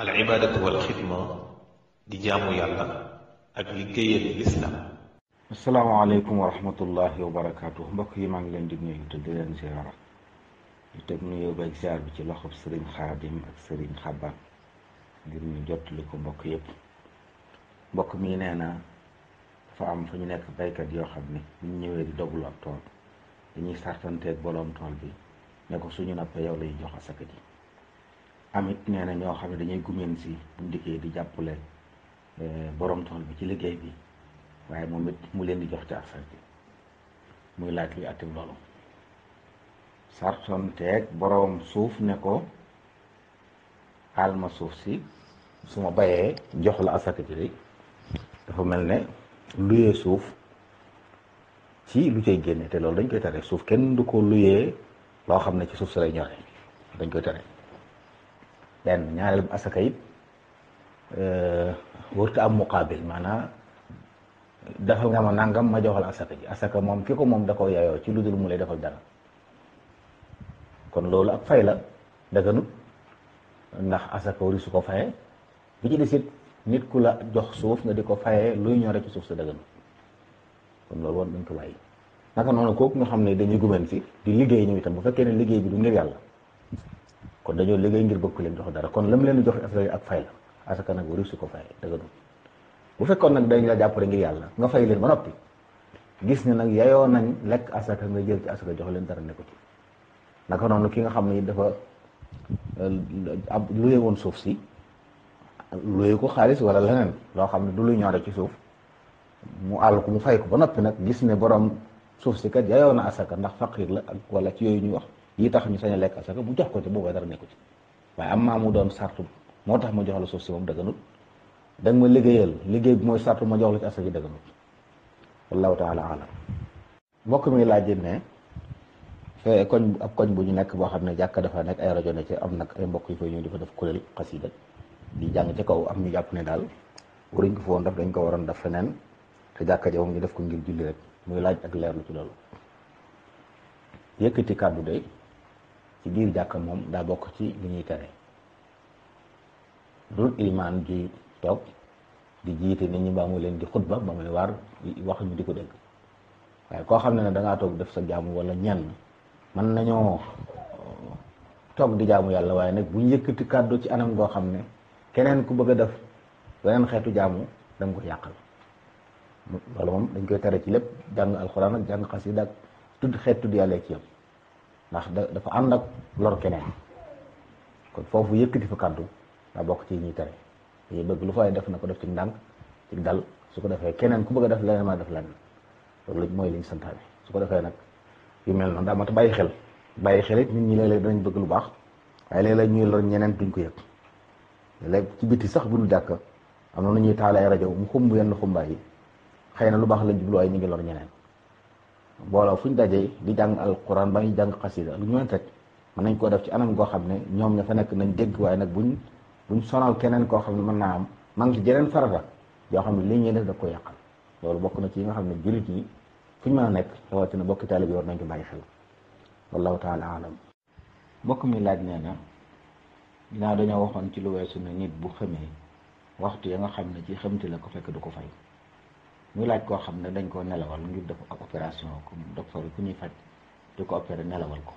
al ibaadatu wal xidma di jaamu yàlla ak liggéeyal lislaam asalaamaaleykum wa rahmatullahi wa barakaatu mbokk yi maa ngi leen di nuyu te di leen ziara di teg nuyoo beeg ziar bi ci loxob sëriñ xaadim ak sëriñ xaban ngir ñu jottali ko mbokk yépp mbokk mi nee na dafa am fu ñu nekk baykat yoo xam ne bu ñu ñëwee di doglu ab tool dañuy sartanteeg boroom tool bi ne ko suñu nappe yow lay jox asaka ji amit nee na ñoo xam ne dañuy gumeen si buñ di jàppule eh, borom tool bi ci liggéey bi waaye moom it mu leen di jox ci asaka muy laaj luy attim loolu sarton teeg borom suuf ne ko alma suuf si suma bayee jox la asaka ci li dafa mel ne luyee suuf ci lu cay génne te loolu dañ koy tare suuf kenn du ko luyee loo xam ne ci suuf si lay ñore dañ koy tere benn ñaareel bu asaka it euh, wër ko am muqaabil maanaam dafa nga ma nangam ma joxal asaka ji asaka moom ki ko moom da ko yaayoo ci lu dul mu lay defal dara kon loolu ak fay la daganut ndax asaka wari su ko fayee bi ci desit nit ku la jox suuf nga di ko fayee luy ñor ñore ci suuf sa daganut kon loolu woon dañ ko bàyyi naka noonu kooku nga xam ne dañuy gumen si di liggéey ñu itam bu fekkee ne liggéey bi du ngir yàlla kon dañoo liggéey ngir bëgg ko leen jox dara kon lam leen jox affaire yi ak fay la asaka nag waru su ko fay dëgganul bu fekkoon nag dañ la jàppale ngir yàlla nga fay leen ba noppi gis ne nag yayoo nañ lekk asaka nga jël ci asaka jox leen dara nekku ci naka noonu ki nga xam ne dafa euh, ab luye woon suuf si luye ko xaalis wala leneen loo xam ne du lu ñore ci suuf mu àll ko mu fay ko ba noppi nag gis ne borom suuf si kat yayoo na asaka ndax faqiir la ak wala ci yooyu ñuy wax yi tax ñu sañ lekk lekk asaka mu jox ko ci boobaa dara nekku ci waaye am maa doon sartu moo tax ma jox la suuf si moom dëgganut ma liggéeyal liggéey mooy sartu ma jox la ci asaka yi dëgganut wallahu taala alam mbokk mi laaj ne fe koñ ab koñ bu ñu nekk boo xam ne jàkka dafa nekk ay rajo ne ci am nag ay mbokk yu fay ñëw di fa def kuréel xasida di jàng ci kaw am ñu jàpp ne daal waruñ ko foon daf dañ ko waroon def feneen te jàkka ja ñu def ko ngir julli rek muy laaj ak leerlu ci loolu yëkkati kàddu day ci biir jàkk moom daa bokk ci li ñuy tere dul ilimaan ji toog di jiite ni ñu ba leen di xutba ba muy waar wax ñu di ko dégg waaye koo xam ne ne dangaa toog def sa jaamu wala ñenn man nañoo uh, toog di jaamu yàlla waaye nag bu ñu yëkkati kàddu ci anam goo xam ne keneen ku bëgg a def weneen xeetu jaamu danga ko yàqal loolu moom dañ koy tere ci lépp jàng alxuraan ak jàng xasida ak tudd xeet tudd yàlla ci yam ndax dafa ànd ak lor keneen kon foofu di fa kàddu daa bokk ci ñuy tere yi bëgg lu fay def na ko def ci ndànk ci dal su ko defee keneen ku bëgg a def leneen ma def leneen loolu mooy li ñu santaane su ko defee nag yu mel noonu daa ma a bàyyi xel bàyyi xel nit ñi léeg danañ bëgg lu baax waaye léeg-léeg ñuy lor ñeneen duñ ko yëg léeg ci biti sax bu dul jàkk am na ñuy taal ay rajo mu xumb yenn xumbaay yi xëy na lu baax la jubluwaay ñu ngi lor ñeneen booloo fu ñu dajee di jàng alquran ba ñu jàng xasida lu ñu mën rek mën nañ koo def ci anam goo xam ne ñoom ña fa nekk nañ dégg waaye nag buñ buñ sonal keneen koo xam ne mën naa am maa ngi ci jeneen farata yoo xam ne li ñuy def da ko yàqal loolu bokk na ci yi nga xam ne jullit yi fu ñu mën a nekk rawatina bokki taali bi war nañ ko bàyyi xel wallahu taala alam mbokk mi laaj nee na ginnaaw dañoo waxoon ci lu weesu ne nit bu xamee waxtu ya nga xam ne ci xamti la ko fekk du ko fay muy laaj koo xam ne dañ koo nelawal ngir def ab opération comme docteur ku ñuy faj di ko opéré nelawal ko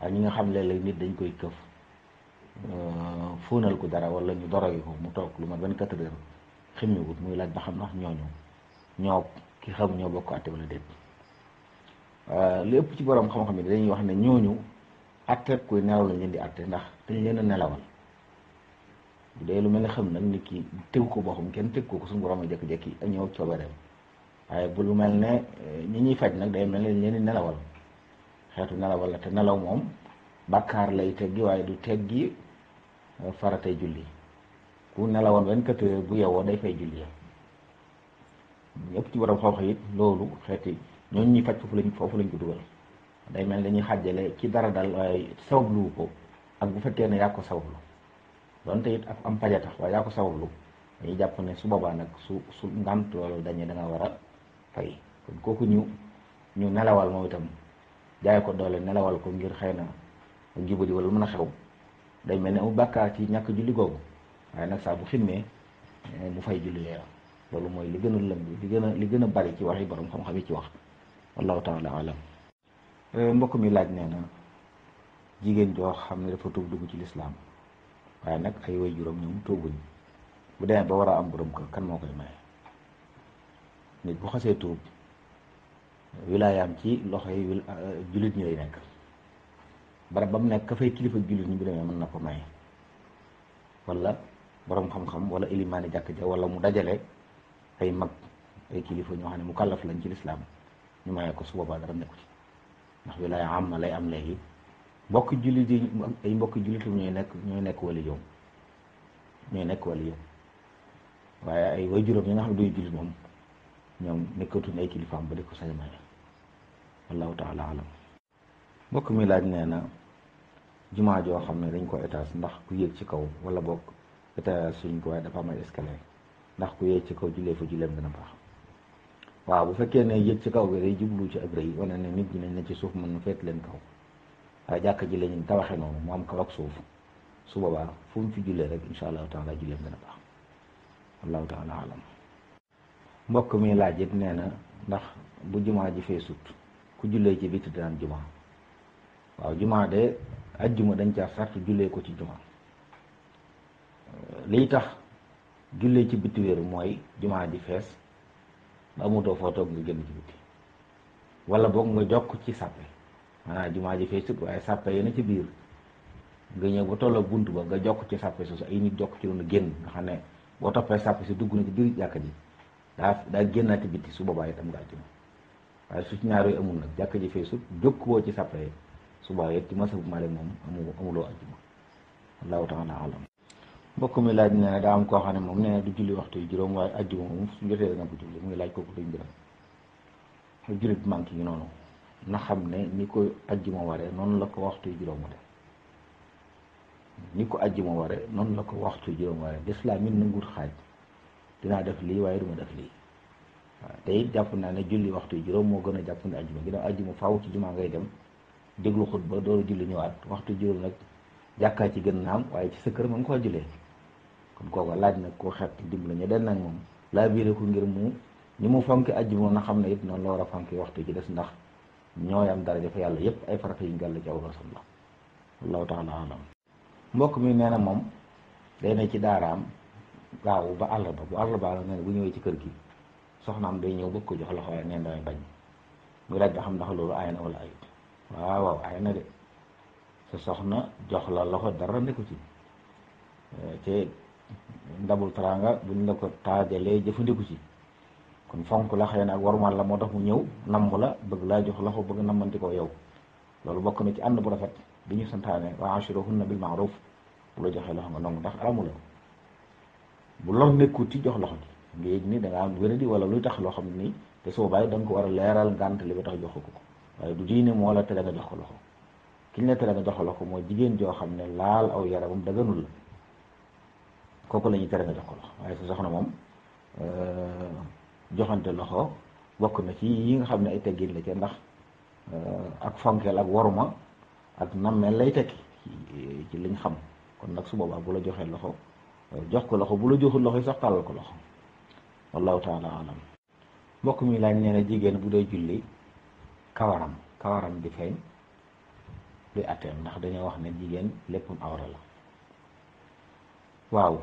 waaye ñi nga xam léeg-léeg nit dañ koy këf euh, fuunal ko dara wala ñu doroy ko mu toog lu ma vingt-quatre heures ximmiwut muy laaj ba xam ndax ñooñu ñoo ki xam ñoo bokk àtte wala déet euh, li ëpp ci borom xam-xam yi dañuy wax ne ñooñu àtteeb kuy nelaw lañ leen di àtte ndax dañ leen nelawal bu dee lu mel ne xam nag nit ki tegu ko boppam kenn tegu ko ko suñu borom a jékki-jékki ak ñëw coobareem waaye bu lu mel ne eh, ñi ñuy faj nag day mel ne ñenn nelawal xeetu nelawal la te nelaw moom bàkkaar lay teggi waaye du teggi eh, faratay julli ku nelawoon vingt-quatre bu yewoo day fay julli ya ñëpp ci borom xoox it loolu xeeti ñooñu ñuy faj foofu lañ foofu lañ ko dugal day mel ne dañuy xàjjale ci dara dal waaye sawablu ko ak bu fekkee ne yaa ko sawablu donte it ak am paja tax waaye yaa ko sabablu dañuy jàpp ne su boobaa nag su su ngàmt loolu dañuy da nga war fay kon kooku ñu ñu nelawal moom itam jaay ko doole nelawal ko ngir xëy na ak jubadi wala mën a xew day mel ni amu bàkkaar ci ñàkk julli googu waaye nag saa bu ximmee eh, mu fay julli leeram loolu mooy li gën a lëmb li gën a li gën a bari ci waxi borom xam-xam yi ci wax wallahu taala alam eh, mbokk mi laaj nee na jigéen joo xam ne dafa tuub dugg ci lislaam waaye nag ay way juróom ñoom tuubuñ bu demee ba war a am borom kër kan moo koy maye nit bu xasee tuub wilaayaam ci loxo yi ah, jullit ñi lay nekk barab ba mu nekk ka fay kilifa jullit ñi bu demee mën na ko maye wala boroom xam-xam wala ilimaani jàkk ja wala mu dajale ay mag ay kilifa ñoo xam ne mu kàllaf lañ ci lislaam ñu maye ko su boobaa dara nekku ci ndax wilaaya am na lay am léegi mbokk jullit yi ay mbokk jullitum ñooy nekk ñooy nekk wali yoom ñooy nekk wali yoom waaye ay waajuram yi nga xam ne duñu jullit moom ñoom nekkatuñ ay kilifaam ba di ko sañ maye wallahu taala alam mbokk mi laaj nee na jumaa joo xam ne dañ ko étage ndax ku yéeg ci kaw wala bokk étage suñ ko waaye dafa am ay escalier ndax ku yéeg ci kaw jullee fa julleem gën a baax waaw bu fekkee ne yéeg ci kaw bi day jublu ci ab rëy wala ne nit ñi nañ ne ci suuf mën nu feet leen kaw waaye jàkk ji lañu tabaxee noonu moom am kaw ak suuf su boobaa fu mu fi jullee rek incha allahu taala julleem gën a baax allahu taala alam mbokk mi laaj it nee na ndax bu jumaa ji fee ku jullee ci biti daan jumaa waaw jumaa de ajjuma dañ caa sart jullee ko ci jumaa liy tax jullee ci bitti wéeru mooy jumaa ji fees ba amutoo foo toog nga génn ci bitti wala boog nga jokk ci sàppe maanaam jumaa ji feesut waaye sàppe yéena ci biir nga ñëw ba tolloo bunt ba nga jokk ci sàppe soosu ay nit jokk ci loolu génn nga xam ne boo toppee sàppe si dugg na ci biir jàkk ji daa daa génnaati bitti su boobaa itam nga àjjuma waaye su ñaar yooyu amul nag jàkk ji feesut jokk woo ci sàppe yi subaa yëpp ci masa bu Maalik moom amu amuloo àjjuma allahu taala alam mbokk mi laaj nee na daa am koo xam ne moom na du julli waxtu yu juróom waaye àjjuma moom su jotee dana ko julli mu ngi laaj kooku luñ yi noonu na xam ne ni ko ajjuma ware noonu la ko waxtu juróom ware ni ko ajjuma ware noonu la ko waxtu juróom ware lislaam it nanguwut xaaj dinaa def lii waaye duma def lii tey jàpp naa ne julli waxtu juróom moo gën a jàpp ne ajjuma ginnaaw ajjuma faw ci jumaa ngay dem déglu ba dooru julli ñëwaat waxtu juróom nag jàkkaa ci gën am waaye ci sa kër mën koo jullee kon kooku laaj nag koo xet dimbali ñu den nag moom laa biire ko ngir mu ñi mu fonk ajjuma na xam ne it noonu la war a fonk waxtu ci des ndax ñooy am daraja fa yàlla yépp ay farata yuñ gàll ci Abu Bakar Siddiq wallahu taala mbokk mi nee na moom day ne ci daaraam gaaw ba àll ba bu àll ba nee na bu ñëwee ci kër gi soxnaam day ñëw bëgg ko jox loxo waaye neen damay bañ muy laaj ba xam ndax loolu aay na wala ayut waaw waaw aay na de sa soxna jox la loxo dara nekku ci eh, te ndabul teraanga buñ la ko taajalee jëfandiku ci kon fonk la xëy na ak warumal la moo tax mu ñëw namm la bëgg laa jox loxo bëgg koo yow loolu bokk na ci ànd bu rafet bi ñu santaane wa ashiruhunna bil ma'ruf bu la joxee loxo nga nangu ndax aramu la bu lor nekkut ci jox loxo ni da nga am wéradi wala luy tax loo xam ni te soo bàyyi da nga ko a leeral ngànt li ba tax ko ko waaye du diine moo la tere nga jox ki ñu la tere nga jigéen joo xam ne laal aw yaramam daganul la kooku la ñuy tere nga jox ko loxo waaye sa soxna moom euh, joxante loxo bokk na ci yi nga xam ne ay teggin la ca ndax euh, ak fonkeel ak waruma ak nammeel lay tekki ci liñ xam kon nag su boobaa bu la joxee loxo euh, jox ko loxo bu la joxul loxo yi sax tàllal ko loxo wallahu taala alam mbokk mi laaj nee jigéen bu dee julli kawaram kawaram di feeñ luy atteem ndax dañoo wax ne jigéen léppam awra la waaw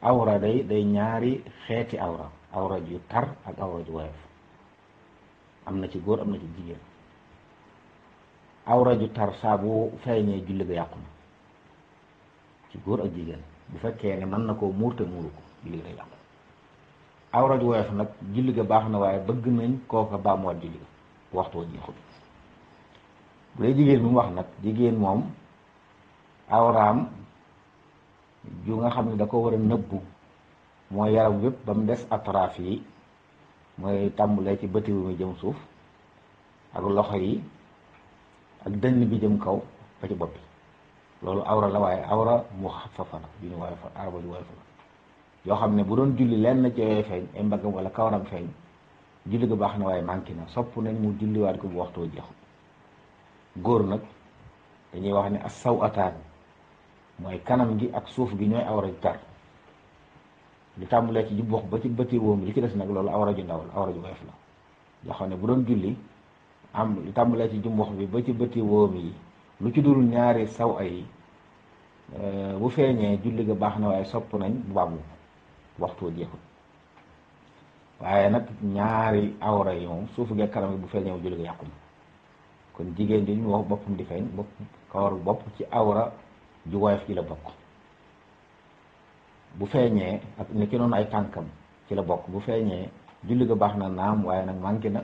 awra day day ñaari xeeti awra awra ju tar ak awra ju woyof am na ci góor am na ci jigéen awra ju tar saa bu feeñee julli ba yàqu na ci góor ak jigéen bu fekkee ne mën na koo muur te muuru ko julli day yàqu awra woyof nag julli ga baax na waaye bëgg nañ kooka baamuwaat julli ga waxtu wa jeexul bu dee jigéen bi mu wax nag jigéen moom awraam ju nga xam ne da ko war a nëbbu mooy yaram yëpp ba mu des atraaf yi mooy tàmbulee ci bëti wu jëm suuf ak loxo yi ak dënn bi jëm kaw ba ci bopp loolu awra la waaye awra mu xafafa la yu ñu woyofa araba ju woyofa la yoo xam ne bu doon julli lenn ci yooyu feeñ ay mbaggam wala kawaram feeñ julli ga baax na waaye manqué na sopp nañ mu julliwaat ko bu waxtoo jeexu góor nag dañuy wax ne as saw ataan mooy kanam gi ak suuf gi ñooy awra ju lu tàmbulee ci jub ba ci bëti wóom li ci des nag loolu awra ju ndaw la awra ju woyof la yoo xam ne bu doon julli am lu tàmbulee ci jub wax bi ba ci bëti wóom yi lu ci dul ñaari saw ay euh, bu feeñee julli ga baax na waaye sopp nañ bu baabu waxtu jeexul waaye nag ñaari awra yi suufu gee kanam bu feeñee bu julli ga yàqu kon jigéen ju ñu wax boppam di feeñ bopp kawar bopp ci awra ju woyof ji la bokk bu feeñee ak ni ki noonu ay tànkam ci la bokk bu feeñee julli ga baax na naam waaye nag manqué na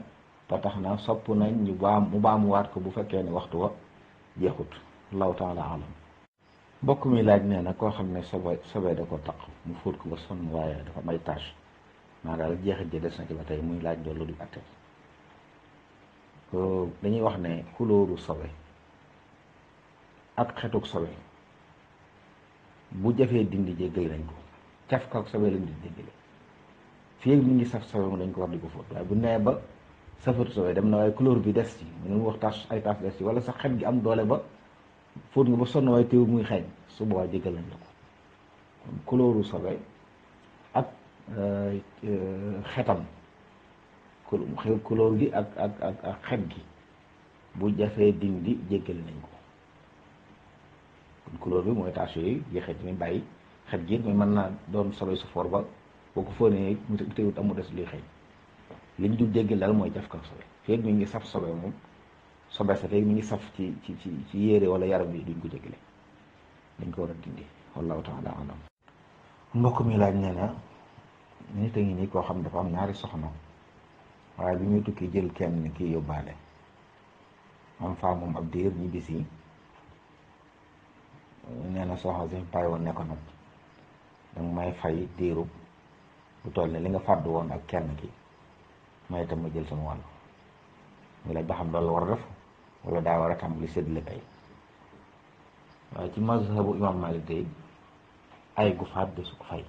te tax na sopp nañ ñu baax mu baax mu baamuwaat ko bu fekkee ni waxtu wa jeexut allahu taala alam mbokk mi laaj nee na koo xam ne sobe sobe da ko taq mu fóot ko ba sonn waaye dafa may tâche maa daal jeexit ji des na ci ba tey muy laaj loolu di atte euh, dañuy wax ne kulóoru sobe ak xetuk sobe bu jafee dindi jéggal nañ ko caf ko ak sobee lañ di jéggale fii mi ngi saf sobee mu dañ ko war di ko fóot waaye bu nee ba safatu sobee dem na waaye couleur bi des ci mu ne mu wax taas ay taas des ci wala sax xet gi am doole ba fóot nga ba sonn waaye teew muy xeeñ su boobaa jéggal nañ la ko kon couleuru sobee ak euh, euh, xetam couleur gi ak ak ak xet gi bu jafee dindi jéggale nañ ko couleur bi mooy tache yooyu jeexee ni bàyyi xet gi mais mën naa doon solo su for ba boo ko fóonee mu téewut amu des luy xëy li ñu dul dégg mooy jaf ka sobe feeg mi ngi saf sobe moom sobe sa feeg mi ngi saf ci ci ci ci yére wala yaram bi duñ ko jéggale dañ ko war a dindi wallahu taala alam mbokk mi laaj nee na nit a ngi nii koo xam dafa am ñaari soxna waaye bi muy tukki jël kenn kii yóbbaale am faa moom ab diir ñibbisi nee na soxna si bàyyi woon ne ko nag danga may fay diirub bu toll ne li nga fàddu woon ak kenn ki may tam ma jël sama wàll la laaj ba xam loolu war a def wala daa war a tàmbali séddale kay waaye ci mazhabu imam Malik tey ay gu fàddu su ko fay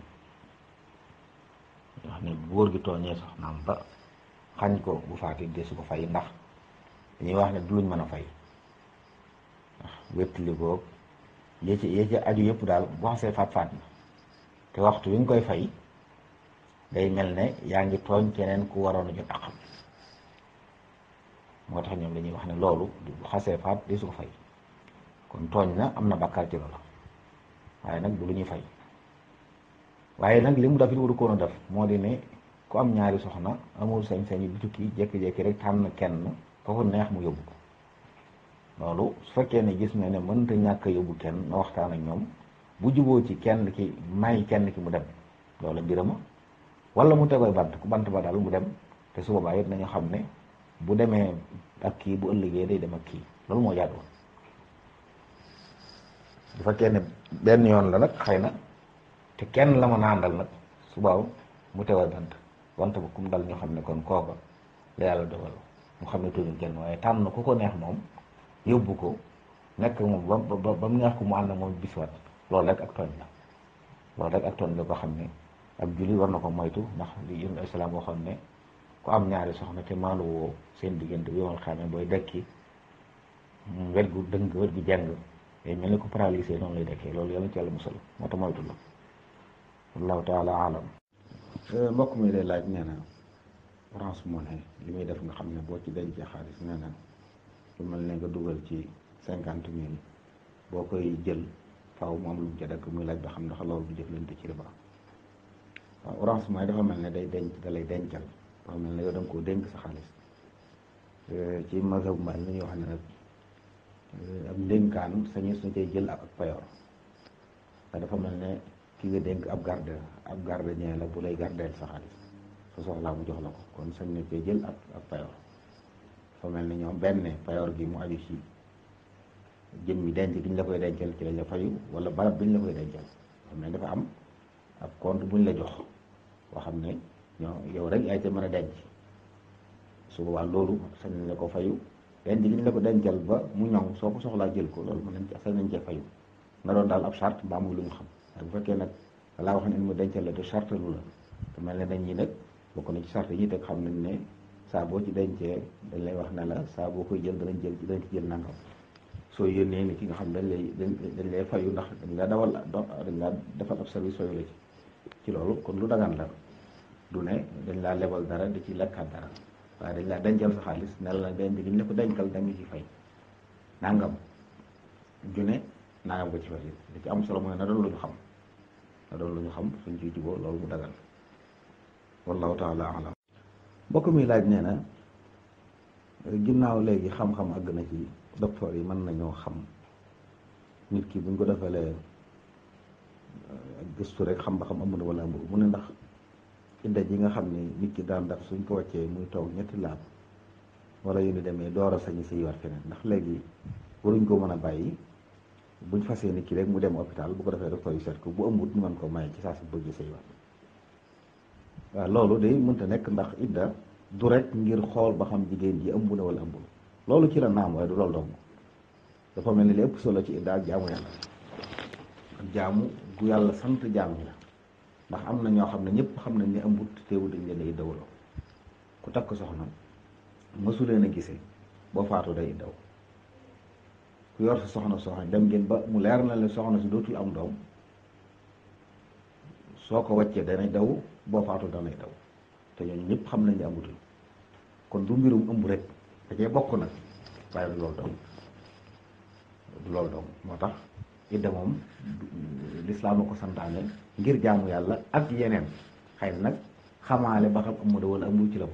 xam ne góor gi tooñee soxnaam ba ko bu faati de su ko fay ndax dañuy wax ne du mën a fay ndax wéttali yee ci aju yëpp daal boo xasee faat faat na te waxtu wi nga koy fay day mel ne yaa ngi tooñ keneen ku waroon a jot àqam moo tax ñoom dañuy wax ne loolu bu xasee faat di su ko fay kon tooñ na am na bàkkaar ci loola waaye nag du ñuy fay waaye nag li mu def it waru koon def moo di ne ku am ñaari soxna amul sañ-sañu bu tukki jékki-jékki rek na kenn foofu neex mu yóbbu loolu su fekkee ne gis na ne mënta ñàkk a yóbbu kenn na waxtaan ak ñoom bu juboo ci kenn ki may kenn ki mu dem loolu mbirama wala mu tegoy bant ku bant ba dal mu dem te su boobaa it nañu xam ne bu demee ak kii bu ëllëgee day dem ak kii loolu moo jaadu bu fekkee ne benn yoon la nag xëy na te kenn la mën a àndal nag su baaw mu teewal bant wante ba kum dal ñu xam ne kon kooka la yàlla dogal mu xam ne tuuti kenn waaye tànn ku ko neex moom. yóbbu ko nekk moom ba ba ba mu neex ko mu ànd moom bisiwaat loolu rek ak tooñ la loolu rek ak tooñ la ko xam ne ak julli war na ko moytu ndax li yéen islam boo xam ne ku am ñaari soxna te maanu woo seen diggante bi yomal xaamee booy dekki mm, wet gu dëng wet gu jàng mel ni ko paralysé noonu lay dekkee loolu yàlla ci yàlla musal moo tax moytu la wallahu taala alam euh, mbokk mi lay laaj nee na Orange Money li muy def nga xam ne boo ci dencee xaalis nee na lu mel ne nga dugal ci cinquante mille boo koy jël faaw moom am lu mu muy laaj ba xam ndax loolu du jëflante ci riba waaw orange mooy dafa mel ne day denc da dencal dafa mel ne yow da nga xaalis euh, ci mazhab mal li ñuy wax ne nag euh, ab ndénkaan sañu suñ cay jël ak payoor waaye dafa mel ne ki nga dénk ab garde ab garde ñee la bu lay gardeel sa xaalis su soxlaa mu jox la ko kon sañ na cee jël ak ak payoor dafa mel na ñoom benn payoor gi mu aju ci jëmmi denc gi ñu la koy dencal ci lañ la fayu wala barab bi ñu la koy dencal dafa mel dafa am ab compte buñ la jox boo xam ne ñoo yow rek yaa ca mën a denc su waa loolu sañ nañ la ko fayu denc gi ñu la ko dencal ba mu ñoŋ soo ko soxlaa jël ko loolu mën nañ sañ nañ cee fayu nga doon daal ab charte mbaa muy lu mu xam waaye bu fekkee nag laa wax ne mu dencal la te charte lu la mel ne dañ ñi nag bokk na ci charte yi te xam nañ ne saaboo ci dencee dañ lay wax ne la saa boo koy jël danañ jël danañ ci jël nangam soo yónnee ni ki nga xam dañ lay dañ lay fayu ndax dañ la dawal dañ la defal ab service fayu la ci loolu kon lu dagan la du ne dañ laa lebal dara di ci lekkaat dara waaye dañ laa dencal sa xaalis ne la nag denc gi ñu la ko dencal da nga ci fay nàngam june nangam ko ci fay li ci am solo mooy na doon lu ñu xam na doon lu ñu xam suñ ciy juboo loolu mu dagan wallahu taala alam mbokk mi laaj nee na ginnaaw léegi xam-xam àgg na ci docteur yi mën nañoo xam nit ki buñ ko defalee gëstu rek xam ba xam amu na wala amul mu ne ndax idda ji nga xam ni nit ki daan def suñ ko wàccee muy toog ñetti laab wala yu ni demee doora a sañu si war feneen ndax léegi waruñ ko mën a bàyyi buñ fasee nit ki rek mu dem hôpital bu ko defee docteur yu seet ko bu amut ñu mën ko maye ci saa si bëgg say war waaw loolu day mënta nekk ndax idda du rek ngir xool ba xam jigéen ji ëmb na wala ëmbul loolu ci la naam waaye du loolu dong dafa mel ni li ëpp solo ci idda ak jaamu yàlla jaamu gu yàlla sant jaam la ndax am na ñoo xam ne ñëpp xam nañ ne ëmbut teewul dañ leen ay dawloo ku takk soxna mësu leen a gisee boo faatu day daw ku yor sa soxna soxna dem ngeen ba mu leer na leen soxna si dootul am doom soo ko waccee dana daw boo faatu da lay taw te ñooñu ñépp xam nañ ne amutul kon du mbirum ëmb rek da bokk nag waaye du loolu dong du moo tax de moom lislaam ko santaane ngir jaamu yàlla ak yeneen xëy na nag xamaale ba xam ëmb na wala amul ci la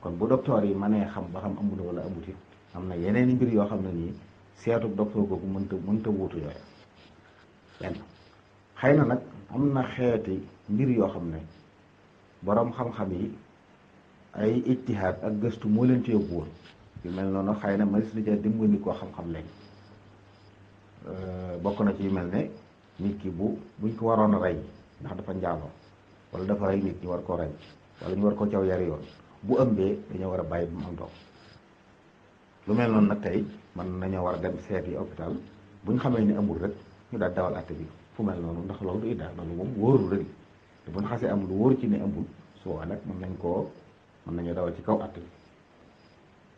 kon bu docteur yi mënee xam ba xam ëmb na wala amut it am na yeneen mbir yoo xam ne nii seetu docteur googu mënta mënta wuutu yooyu benn xëy na nag am na xeeti mbir yoo xam ne boroom xam-xam yi ay ijtihaad ak gëstu moo leen ci yóbbu woon yu mel noonu xëy na manis na ca dimbali koo xam-xam léegi euh, bokk na ci yu mel ne nit ki bu buñ ko waroon a rey ndax dafa njaaloo wala dafa rey nit ñu war koo rey wala ñu war ko caw yar yoon bu ëmbee dañoo war a bàyyi bu mu lu mel noonu nag tey man nañoo war a dem seeti hôpital bu ñu xamee ne amul rek ñu daal dawal àtte bi fu mel noonu ndax loolu du idda loolu moom wóoru rek te bu ñu am lu wóor ci ne amul su boobaa nag mën nañ koo mën nañu dawal ci kaw àtt bi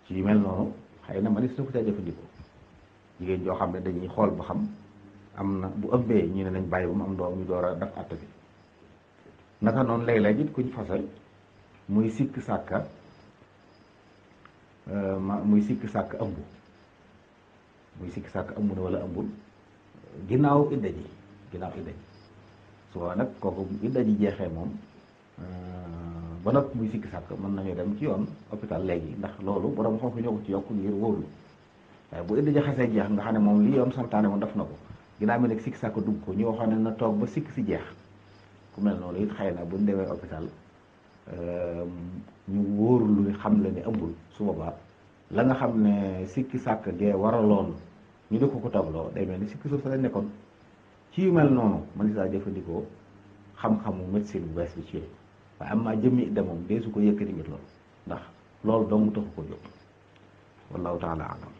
ci yu mel noonu xëy na manis na ko caa jëfandikoo jigéen joo xam ne dañuy xool ba xam am na bu ëmbee ñu ne nañ bàyyi ba mu am doom ñu door a def àtt bi naka noonu léeg-léeg it kuñ fase muy sikk sàkka euh, ma muy sikk sàkk ëmb muy sikk sàkk ëmb na wala ëmbul ginnaaw idda ji ci laa idde nag kooku idda ji jeexee moom euh, ba nag muy sikki sàkk mën nañu dem ci yoon hôpital léegi ndax loolu boroom xam-xam ci yokk ngir wóorlu waaye bu idda jeex nga xam ne moom li yoon santaane moom def na ko ginnaaw mi nag sikki sàkk dugg ko ñu waxoon ne na toog ba sikk si jeex ku mel noonu it na buñ demee hôpital euh, ñu wóorlu xam la ne ëmbul su boobaa la nga xam ne sikki sàkk gee waraloon ñu di ko ko tabloo day mel ni sikki suuf sa nekkoon ci yu mel noonu mën saa jëfandikoo xam-xamu médecine bu bees bi ci yooyu waaye am naa jëmmi idda moom dee su ko yëkkati ngir loolu ndax loolu dong taxu ko jóg wallahu taala alam